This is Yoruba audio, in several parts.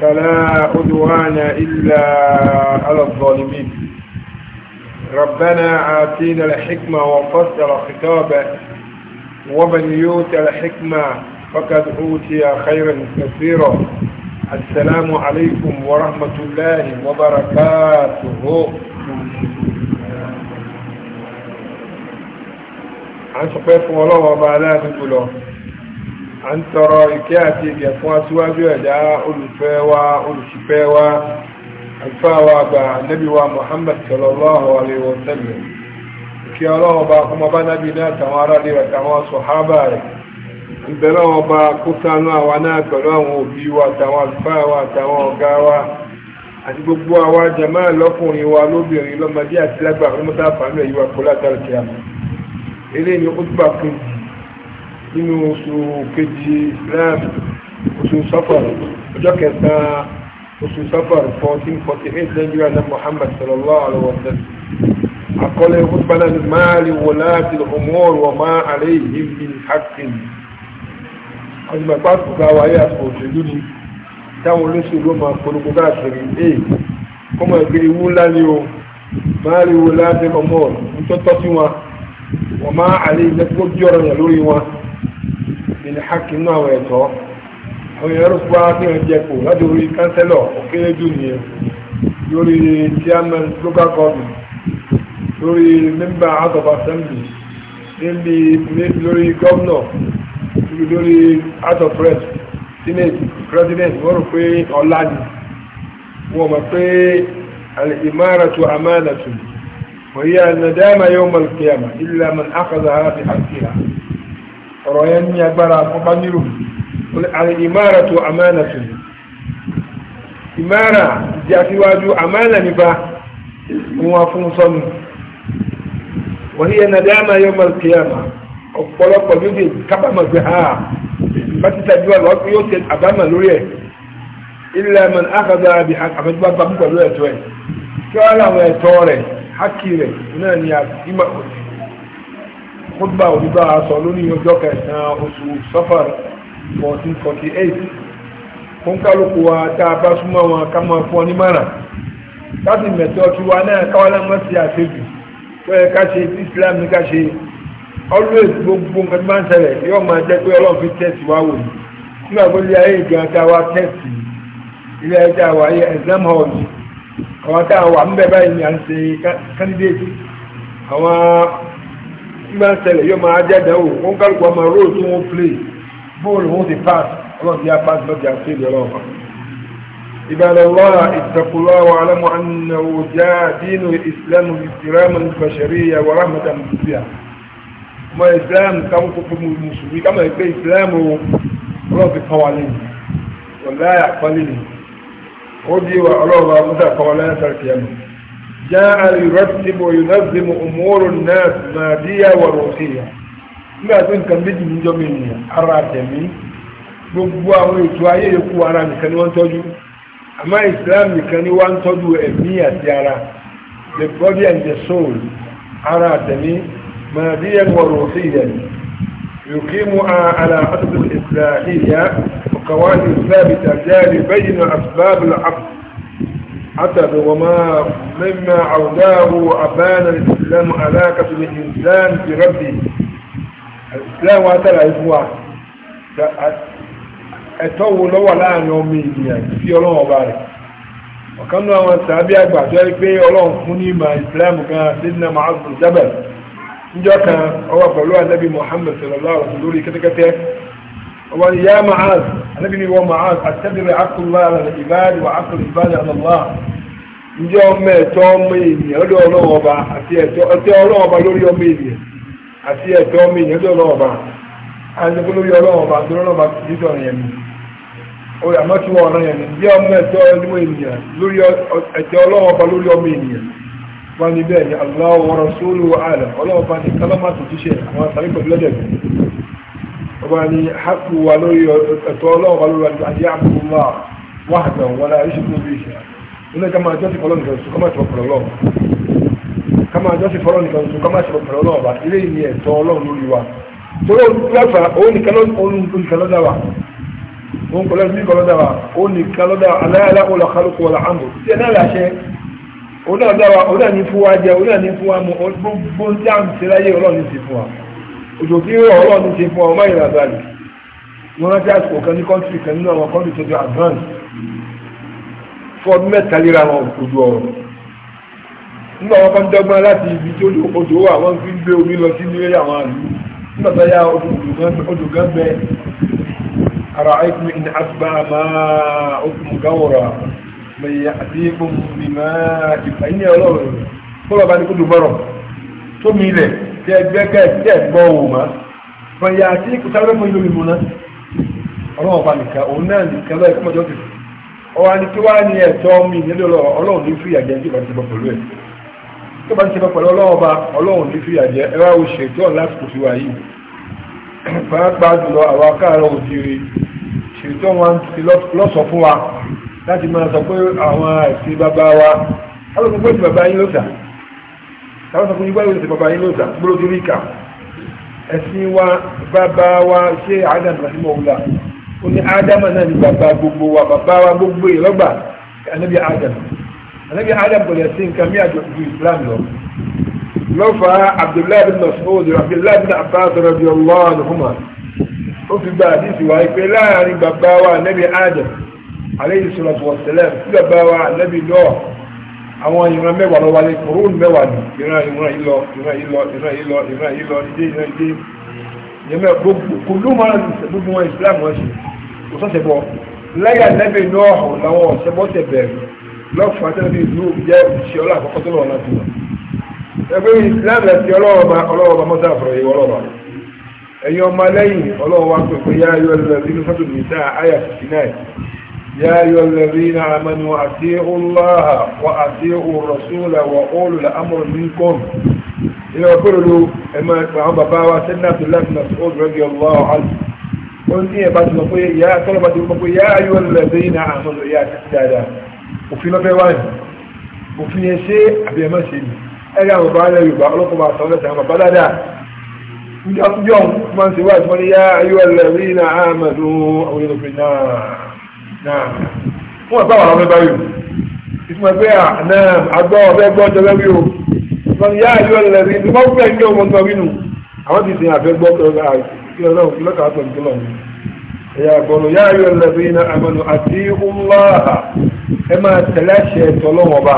فلا عدوان إلا على الظالمين ربنا آتينا الحكمة وفصل خطابه ومن يؤت الحكمة فقد أوتي خيرا كثيرا السلام عليكم ورحمة الله وبركاته عن سقف ولو وبعلا بدلو à ń tọrọ ìkẹ́ àti ìgẹ̀ fún aṣíwájú ẹ̀dá olùfẹ́ wa olùṣìfẹ́ wa alfáwa àgbà nabi wa muhammad sallallahu alayhi wa sallam kí ọlọ́wọ́ bá kọ́mọ bá nábi náà tàwọn ará lè tàwọn sọ̀hábà rẹ̀ ìbẹ̀rẹ̀ ọba kó sánú àwa náà pẹ̀lú àwọn òbí wa tàwọn alfáà wa tàwọn ọ̀gá wa àti gbogbo àwa jama lọ́kùnrin wa lóbìnrin lọ́mọdé àti lágbà fún mọ́tà nínú oṣù kejì Islam oṣù sọ́fàrù ọjọ́ kẹta oṣù sọ́fàrù 1448 Nigeria na Muhammad sallallahu alaihi wa sallam akọ́lẹ̀ ìfúnpáná ni máa lè wọ láti ọmọọ̀rọ̀ wa máa àrẹ ìhìn bí hakin ọdún ẹ̀pá àtúgbà wáyé àtúgbà òṣèlú ni táwọn olóṣèlú máa polówó káàkiri ẹ̀ kọ́mọ ìgbèrè wú ńlá ni o máa lè wọ ń tọ́tọ́ sí wọn wọ́n máa àrẹ ìlẹ́gbọ́gbí ọ̀rọ̀ yẹn lórí wọn ìní hákì inú àwọn ẹ̀tọ́ àwọn èèyàn rúkú wá kí wọ́n jẹ́pò láti orí kánsẹ́lọ̀ òkèlè jù nìyẹn lórí chairman local government lórí member house of assembly níbi lórí governor lórí house of reps senate president wọ́n rò pé ọ̀la ni wọ́n mọ̀ pé al-imaratu amanatun wa hiya an-nadama yawm al-qiyamah illa man akhadhaha bi haqqiha ọ̀rọ̀ yẹn ní agbára àkọ́kọ́ nírò ìmára tó àmánà tó ìmára di aṣíwájú àmánà nípa wọn fún sọnù wọ́n yẹn nàdá àmà yọ mọ̀ kíyàmà ọ̀pọ̀lọpọ̀ méjì kábàmọ̀ pé ha bá ti tàbí wà lọ́pọ̀ yóò ṣe àbámà lórí ẹ̀ ilẹ̀ mọ̀ àkàdá àbí àmẹ́gbàgbà pẹ̀lú ẹ̀tọ́ ẹ̀ kí wọ́n láwọn ẹ̀tọ́ rẹ̀ hákì rẹ̀ náà ni mútùbà òdìbà sọ lórí ọjọ́ kẹsàn-án oṣù 1448 fún kálukú wa tá a bá súnmọ́ wọn ká máa fún ọ ní mọ́ràn láti mẹ̀tọ́ kí wa náà káwálá mọ́ sí àṣejù tó yẹ ká ṣe tí Islam always gbogbo nǹkan tó máa ń ṣẹlẹ̀ yóò máa jẹ́ pé Ọlọ́run fi tẹ̀sí wa wò ní nígbà tó lé ayé ìgbà tá a wá tẹ̀sí ilé ayé tá a wá yẹ exam hall yìí àwọn tá a wà ń bẹ̀ báyìí ni à ń candidate àwọn máa ń ṣẹlẹ̀ yóò máa jẹ́ dẹ́wò wọn kálukú ọmọ róò tí wọ́n play bóòlù wọn ti pass ọlọ́run ti yá pass lọ́ọ̀dì àti ìdí ọlọ́run pa. عباد الله اتقوا الله واعلموا أنه جاء دين الإسلام احتراما للبشرية ورحمة بها ما إسلام كم تقوم المسلمين كما يقول إسلام رب قوانين ولا يعقلين ودي الله رب قوانين تركيامه جاء يرتب وينظم أمور الناس مادية وروحية nígbà tó nǹkan méjì níjọ́ mi nìyẹn ara tẹ̀mí gbogbo àwọn ètò ayé yòókù ara nìkan ni wọ́n tọ́jú àmọ́ Islam nìkan ni wọ́n tọ́jú ẹ̀mí àti ara the body and the soul ara tẹ̀mí màdíyẹ wọ̀rọ̀ sí ìyẹn yòókì mu ara àtúntò ìsirahìyà ọ̀kàwá ní Islam ìtàjáde bẹ́yìn àtúbábìlì àbùkù حسب وما مما عوداه أبان الإسلام علاقة الإنسان بربه الإسلام وأتلا إخوة ẹ̀tọ́wò lọ́wọ́ láàrin ọmọ ènìyàn sí ọlọ́run ọba rẹ̀ ọ̀kan náà wọn tàbí àgbà tó ẹ pé ọlọ́run fún ní ìmọ̀ islam gan sídìnnà mahamud jabal níjọ́ kan ọwọ́ pẹ̀lú anabi muhammed sallallahu alaihi lórí kẹ́tẹ́kẹ́tẹ́ ọwọ́ ni yá mahamud anabi ni wọ́n mahamud àtẹ́bìrì akùnlá àlàlẹ̀ ìbáàdì wà akùnlá ìbáàdì àlàlá ndị ọma ẹ̀tọ́ ọmọ ènìyàn lọ́dọ̀ ọlọ́wọ́ ọba àti ẹ̀tọ́ ọtẹ ọlọ́wọ́ ọba lórí ọmọ ènìyàn àti ẹ̀tọ́ ọmọ ènìyàn lọ́dọ̀ ọlọ́wọ́ ọba lórí ọlọ́wọ́ àti lọ́dọ̀ ọba yẹn ni orí àmọ́ tí wọ́n ọ̀rọ̀ yẹn ndị ọma ẹ̀tọ́ ọmọ ènìyàn lórí ẹ̀tọ́ ọlọ́wọ́ lórí ọma ènìyàn wọn ni ni ni kálámà tó àwọn pẹ̀lú ilé ká máa jọ́sìn fọlọ́ nìkan sùn ká máa ti ọ̀pọ̀lọ́ lọ́wọ́ ká máa jọ́sìn fọlọ́ nìkan sùn ká máa ti ọ̀pọ̀lọ́ lọ́wọ́ bá ilé ìní ẹ̀tọ́ ọlọ́run lórí wa torí olùkọ́lọ́fà òun nìkan lọ́dà wa òun kọ́lọ́ ní kọ́lọ́dà wa òun o lọ́dà aláyàlá òun làkàlùkù wọ̀là àmọ̀ na ẹ náà o na náà dára o na ní fún wa jẹ o na ní fún wa mu gbogbo tí a ń o láyé ọlọ́run ti fún wa òjò kí ń rọ ọlọ́run ti fún wa ọmọ ìrìn àgbà yìí wọn rántí àsìkò kan ní kọ́ńtì kan nínú àwọn kọ́ńtì tó di advance fọdún mẹ́ta léra wọn ojú ọ̀rọ̀ nígbà wọn bá ń dọ́gbọ́n láti ibi tó ní odò wà wọ́n fi ń gbé omi lọ sí ilé àwọn àlú nígbà tó yá odò gan bẹ ara àìsàn ìní àgbà máa okùn gáwọ̀rà mẹ́yẹ àti ikùn mi máa ìgbà yín ọlọ́run bọ́lá bá ní kó dùn bọ́rọ̀ tó mi ilẹ̀ tí ẹgbẹ́ kẹ́ tí ẹ̀ òun má mẹ́yẹ àti ikùn sáré mọ́ ìlú ìmúná ọlọ́run bá nìkan òun náà nìkan lọ́ọ̀ ẹ̀kọ́ mọ́jọ́ kìí ọwọ́ ni kí wàá ní ẹ̀tọ́ mi nílò ọlọ́run ní fìyà jẹ tí ìbá ti bọ̀ pẹ̀lú ẹ̀ tí ìbá ti bọ̀ pẹ̀lú ọlọ́run ọba ọlọ́run ní fìyà jẹ ẹ wá o ṣètò láti kò sí wa yìí pàápàá jùlọ àwọn akáàrọ̀ òjìrì ṣètò wọn ti lọ́sọ̀ fún wa láti máa sọ pé àwọn àìsí bàbá wa káwọn sọ pé ti bàbá yín lóta káwọn sọ pé yín báyìí ti bàbá yín lóta gbọ́dọ̀ ti rí ìkà ẹ̀sìn wa bàbá wa ṣé àádàn ó ní ádámà náà ní bàbá gbogbo wa bàbá wa gbogbo yìí lọ́gbà ànábì ádámà ànábì ádámà kò lè sí nǹkan mí àjọ ju islam lọ lọ́fà abdullahi bin mas'ud abdullahi bin abbas radiyallahu anhuma ó fi gba àdìsí wa pé láàrin bàbá wa ànábì ádámà aleyhi salatu wa salam sí bàbá wa ànábì lọ́ọ̀ àwọn ìran mẹ́wàá lọ wálé kòrónù mẹ́wàá ní ìran ìran ìlọ ìran ìlọ ìran ìlọ ìran ìlọ ìdé ìran ìdé yẹmẹ gbogbo kò ló máa ń sẹ gbogbo wọn islam wọn ṣe kò sọ́sẹ̀ bọ́ láyà nẹ́bẹ̀ náà hàn láwọn ọ̀sẹ̀ bọ́sẹ̀ bẹ̀rẹ̀ lọ́fà tẹ́lẹ̀ ìlú jẹ́ òṣìṣẹ́ ọlọ́ àkọ́kọ́ tó lọ́wọ́ láti lọ. ẹgbẹ́ islam ẹ̀sìn ọlọ́wọ́ba ọlọ́wọ́ba mọ́tà àfọ̀rọ̀ yìí ọlọ́wọ́ ẹ̀yin ọmọ lẹ́yìn ọlọ́wọ́ wa pèpè yá ayọ̀ lẹ́rìí ní sọ́tò nìta àyà fifty nine yá ayọ̀ lẹ́rìí ní amanu àti wa àti ọ̀rọ̀sọ́lá wa ọ̀lùlà amọ̀ nìkan nínú ọgọ́rùn-ún ẹ̀mọ àwọn bàbá wa sẹ́dínà tó láti nà ó rẹ́gì ọ̀wá ọ̀hán ó ní ẹ̀ bá ti sọ pé ìyá tọ́lọ́ bá ti sọ pé ìyá ayé wọn lọ sí iná àwọn ọ̀dọ̀ ìyá àti dáadáa òfin lọ́fẹ́ wá ní òfin yẹn ṣe àbí ẹ̀mọ́ ṣe ní ẹ̀rí àwọn bàbá alẹ́ Yorùbá ọlọ́kọ̀ bá sọ lẹ́sẹ̀ àwọn bàbá dáadáa níjọ́ àtúnjọ́ máa ń ṣe wá àti ìyá ayé wọn lọ sí iná àwọn ọ̀dọ̀ ìyá àti dáadáa ìfọ̀n yá ayé ọ̀lẹ̀ rí ti máa ń fẹ́ ní ọmọ nǹkan wínú àwọn ti sìn àfẹ́ gbọ́ kẹrọ ọlọ́run lọ́kà àtọ̀ ní tọ́lọ̀ ẹ̀yà àgbọ̀nù yá ayé ọ̀lẹ̀ rí iná àti ńláha ẹ máa tẹ̀lé àṣẹ tọ́lọ́wọ̀n bá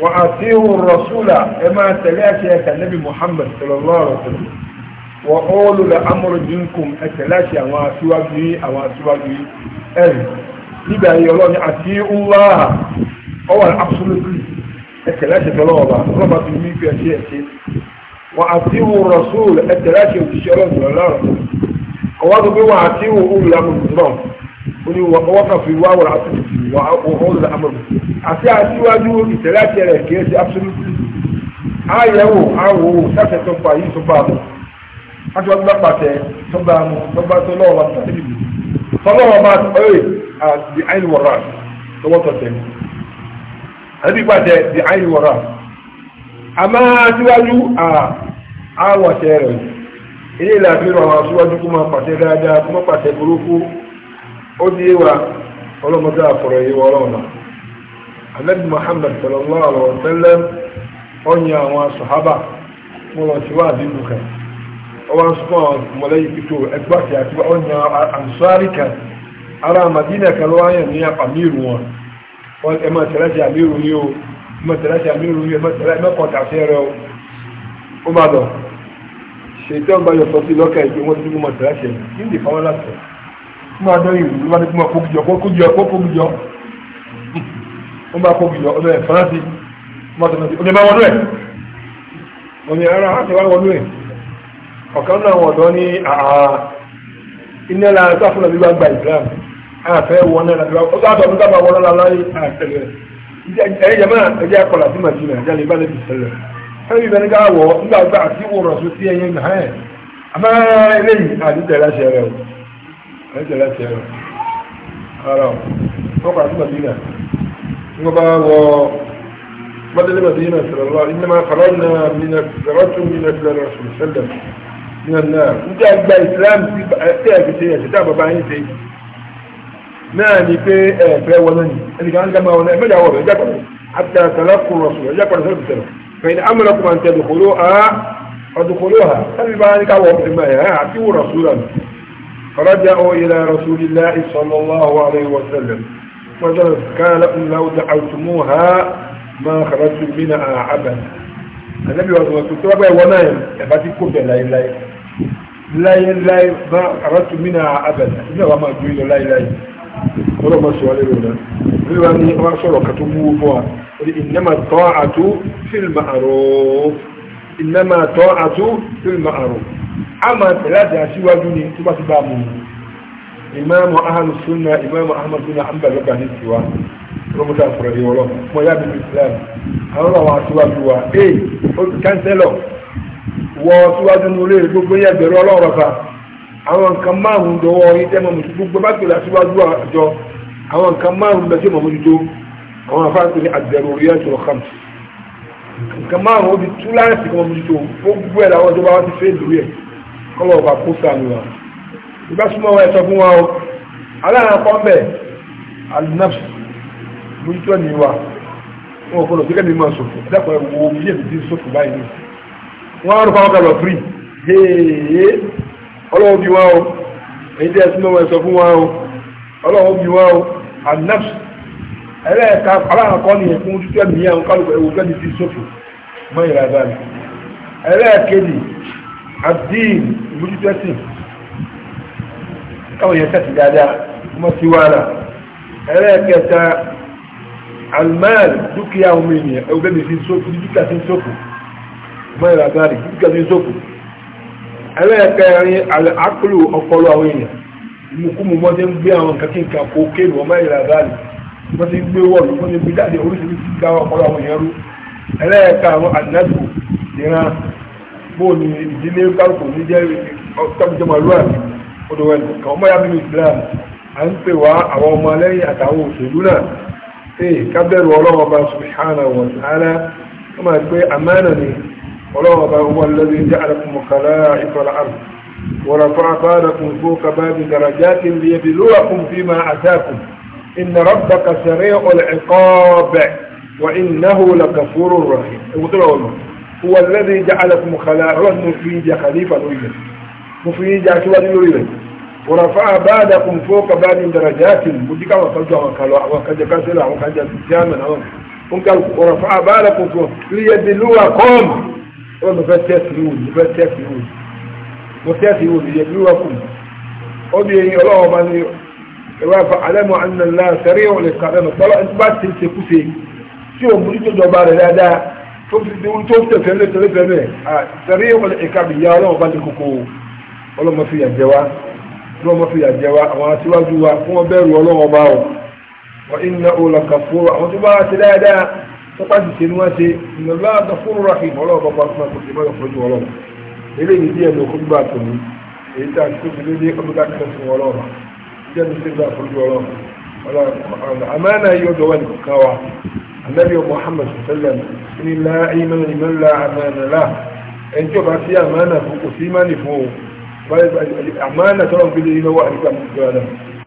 wọ́n àti rọ̀ṣúlà ẹ máa tẹ̀lé àṣẹ kànẹ́bì Muhammad sallallahu alaihi wasallam wọ́n ọ́ọ́lù la amúrú dínkùn ẹ̀tẹ̀ láti fẹ́ lọ́wọ́ bá ọlọ́ba fi mí fi ẹ̀ṣẹ́ ẹ̀ṣẹ́ wọ́n àti wù rọ̀ṣúl ẹ̀tẹ̀ láti òṣìṣẹ́ ọlọ́run lọ́rọ̀ ọwọ́ tó gbé wọn àti wù ùlù amòrùn náà ó ní ọwọ́ kan fi wá wọ̀rọ̀ àti wà ùlù amòrùn àti àtiwájú ìtẹ̀ láti rẹ̀ kì í ṣe absolutely àyẹ̀wò àwò sáfẹ̀ tó pa yìí tó bá mu àti wọ́n gbá pàtẹ tó bá mu tó bá tó lọ́wọ́ bá tẹ̀lé mi tọ́lọ́wọ́ bá ẹ̀ àti àìníwọ̀rọ̀ àti tọwọ́ tọ̀ tẹ̀lé àbí pàṣẹ di àyíwọ̀rá àmá síwájú àwọ̀ṣẹ rẹ̀ ilé ìlàfihàn àwọn síwájú kó máa pàṣẹ dáadáa kó máa pàṣẹ burúkú ó di wa ọlọ́mọdé àfọ̀rọ̀ yìí wọ́n ọ̀nà alẹ́bí Muhammad sallallahu alaihi wa sallam àwọn sàhábà mo lọ sí ọwọ́ sọ́kàn mọ̀lẹ́yìn pító ẹgbàṣẹ àti ọ̀nyẹ Madina kan lọ́wọ́ yẹn ní wọn ẹ máa tẹ̀lẹ́sì àmírù ní o ẹ máa tẹ̀lẹ́sì àmírù ní ẹmọ́kọ̀ọ̀tà sí ẹrẹ o ó bá lọ ṣètò ọgbà yọ sọ sí lọ́kà ìgbé wọn tí kò máa tẹ̀lẹ́sì ẹ̀ ní ìdí fáwọn láti ẹ̀ máa dán ìlú ló bá ní kó máa kókìjọ kókìjọ kókìjọ ó bá kókìjọ ọ̀nà ẹ̀ faransé ó máa tẹ̀lẹ́sì ọ̀nà ẹ̀ bá wọnú ẹ̀ ọ̀nà ẹ̀ rárá àti wá wọnú ẹ̀ ọ̀kan náà wọ̀dọ́ ní àà iná la sáfúnà bí wá gba ìsìlámù àfẹ́ wọnà ọ̀sán àtọ̀ nígbà wọnà láláyé àtẹ̀lẹ̀ ẹ̀yẹ jẹ́mọ́ ẹ̀jẹ̀ akọ̀là sí màjìnà jáde bá lẹ́bi sẹ́lẹ̀ ẹ̀rí bẹ́ẹ̀ ká wọ̀ nígbà gbà àti wòrán sọ sí ẹ̀yẹ nà ẹ̀ àmọ́ eléyìí àdìtẹ̀ láṣẹ rẹ̀ o àdìtẹ̀ láṣẹ rẹ̀ ara o ọkọ̀ àti màjìnà nígbà bá wọ بدل مدينة الله إنما خرجنا من رجل من الرسول صلى الله عليه وسلم من النار. أنت أتبع الإسلام تأتي بسيئة تتابع بعين سيئة. náà ni pé ẹ̀fẹ́ wọlé ni ẹnìkan ń gbàgbọ́ wọlé ẹ̀mẹ́jà wọlé ẹ̀jẹ̀ pẹ̀lú àti àtàlà àtàlákù rọ̀sùn ẹ̀jẹ̀ pẹ̀lú sọ́dọ̀ tẹ̀lẹ̀ fẹ̀yìn amúlẹ̀kù máa ń tẹ̀ dùkúrú ha ọ̀dùkúrú ha ẹ̀mí bá ní káwọ̀ ọ̀pẹ̀ máa yà á àti wọ rọ̀sùn rẹ̀ fọlọ́jà ó ilẹ̀ rọ̀sùn ilẹ̀ ìsọ̀lọ́láhu alayhi wa sallam fọlọ́jà kálá ńláwó ta àwùtúmù ha máa kàràtù mí anabi wa bá ìwọ náà ẹ bá ti kó bẹ láyéláyé láyéláyé bá àbẹ̀lẹ̀ ìgbà wa máa ju ilẹ̀ láyéláyé ọlọ́mọ sọ wálé lónà wíwá ní wọ́n sọ̀rọ̀ kàtó wúwo fún wa ó ní ìnáma tọ́ àtú fílmà àrò ìnáma tọ́ àtú fílmà àrò a máa tẹ̀lé àti aṣíwájú ni tó bá ti bá a mú ìmáàmù ahàlù súnà ìmáàmù ahàmù súnà àmbà lọ́kà ní tiwa rọ́bùtà sọ̀rọ̀ ìwọ lọ mọ yá bíbí islam àwọn àwọn aṣíwájú wa ee kánsẹ́lọ̀ wọ aṣíwájú nulẹ̀ gbogbo yẹn bẹ̀rẹ̀ ọlọ́rọ̀ àwọn nǹkan márùn-ún dọwọ́ yín tẹ́ mọ̀ mọ̀tò gbogbo bá pèlè aṣíwájú àjọ àwọn nǹkan márùn-ún lọ́sẹ̀ mọ̀ mọ̀tò àwọn afáàpè ní àdẹ̀rù orí ẹ̀sùn ọ̀kan nǹkan márùn-ún ó di tú láàrín sí mọ̀ mọ̀tò gbogbo ẹ̀ làwọn ìjọba wa ti fẹ́ lórí ẹ̀ kọ́lọ̀ ọba kó sàmì wa ìgbà súnmọ́ wa ẹ̀sọ́ fún wa o aláàrán pọ́ńbẹ̀ alinafs mojútó ni wa wọn kọ́ lọ sí kẹ́mi máa sòfò ẹ̀dàpọ̀ ẹ̀ wo bí èmi ti sòfò báyìí wọ́n á rò hee ọlọ́wọ́ bí wọ́n o èyí tí ẹ̀sìn lọ́wọ́ ẹ̀sọ́ fún wọn o ọlọ́wọ́ bí wọ́n o anafs ẹlẹ́ẹ̀ka aláàkọ́ ni ẹ̀kún títẹ́ mi àwọn kálukọ̀ ẹ̀wò fẹ́ni ti sófò mọ́ ìlà ìbáni ẹlẹ́ẹ̀kejì abdeen ìmójútẹ́sìn káwọn èèyàn tẹ̀sí dáadáa mọ́ sí wàhálà ẹlẹ́ẹ̀kẹta almal dúkìá omi ènìyàn ẹ̀wò fẹ́ni ti sófò dúkìá ti sófò mọ́ ìlà ìbáni dúkìá ti sófò ẹlẹ́ẹ̀kẹrin àkúlù ọpọlọ àwọn èèyàn ìmúkúmù wọ́n ti ń gbé àwọn nǹkan kí nǹkan kó kéèlù ọmọ ìlà dáàlì wọ́n ti ń gbé wọ́ọ̀lù wọ́n ti ń gbé jáde oríṣiríṣi ká ọpọlọ àwọn èèyàn rú ẹlẹ́ẹ̀ka àwọn àdínàtò ìran bóò ní ìdílé kálukú ní jẹ́ ọ̀tọ́bìjọba lóàbí odò ẹ̀dùn kan ọmọ yàtọ̀ ní Islam à ń pè wá àwọn ọmọ lẹ́yìn àtàwọn òṣèlú náà ee kábẹ́rù ọlọ́wọ́ bá subhanahu wa ta'ala wọ́n máa gbé amánà ni ولغض هو الذي جعلكم خلائف الأرض ورفع بعضكم فوق باب درجات ليبلوكم فيما أتاكم إن ربك سريع العقاب وإنه لكفور رحيم هو الذي جعلكم خلائف مفيد خليفة نوية مفيد أسواد نوية ورفع بعضكم فوق باب درجات مجيكا وكجا وكلا وكجا كسلا وكجا سياما ورفع بعضكم فوق ليبلوكم ó lọ fẹ́ tẹ́sì ìwò ní fẹ́ tẹ́sì ìwò mo tẹ́sì ìwò ní yẹ̀bí wà fún mi ó bí eyín ọlọ́wọ́ bá ní ẹ̀rọ àfà alẹ́mọ̀ ànàlá sẹ́rí ìwò lè kàdé lọ tọ́lá ẹni bá ti ṣe kúṣe tí ò mú nítorí ọba rẹ̀ dáadáa tó fi ti tó tẹ̀fẹ́ lé tẹ̀lé fẹ́ mẹ́ sẹ́rí ìwò lè kà bí ya ọlọ́wọ́ bá ní kókó ọlọ́mọ fi yà jẹ wa ọlọ́mọ fi yà jẹ wa àwọn tọ́pàtì tí wọ́n ṣe ìnàlá àtọ́fóró rahim ọlọ́ọ̀bọ̀ pàṣẹ kò sí bọ́lọ̀ fojú ọlọ́wọ́ eré yìí díẹ̀ ló kún gbà tó ní èyí tá a ti tóbi lóde ọmọdé akẹ́kọ̀ọ́ fún ọlọ́ọ̀bà díẹ̀ ló ṣe gbà fojú ọlọ́ọ̀bà ọlọ́ọ̀bà àmàna yìí ọjọ́ wani kọ̀ọ̀kan wa anabi muhammad sallam ní la iman ni man la amana la ẹni tí o bá fi amana fún kò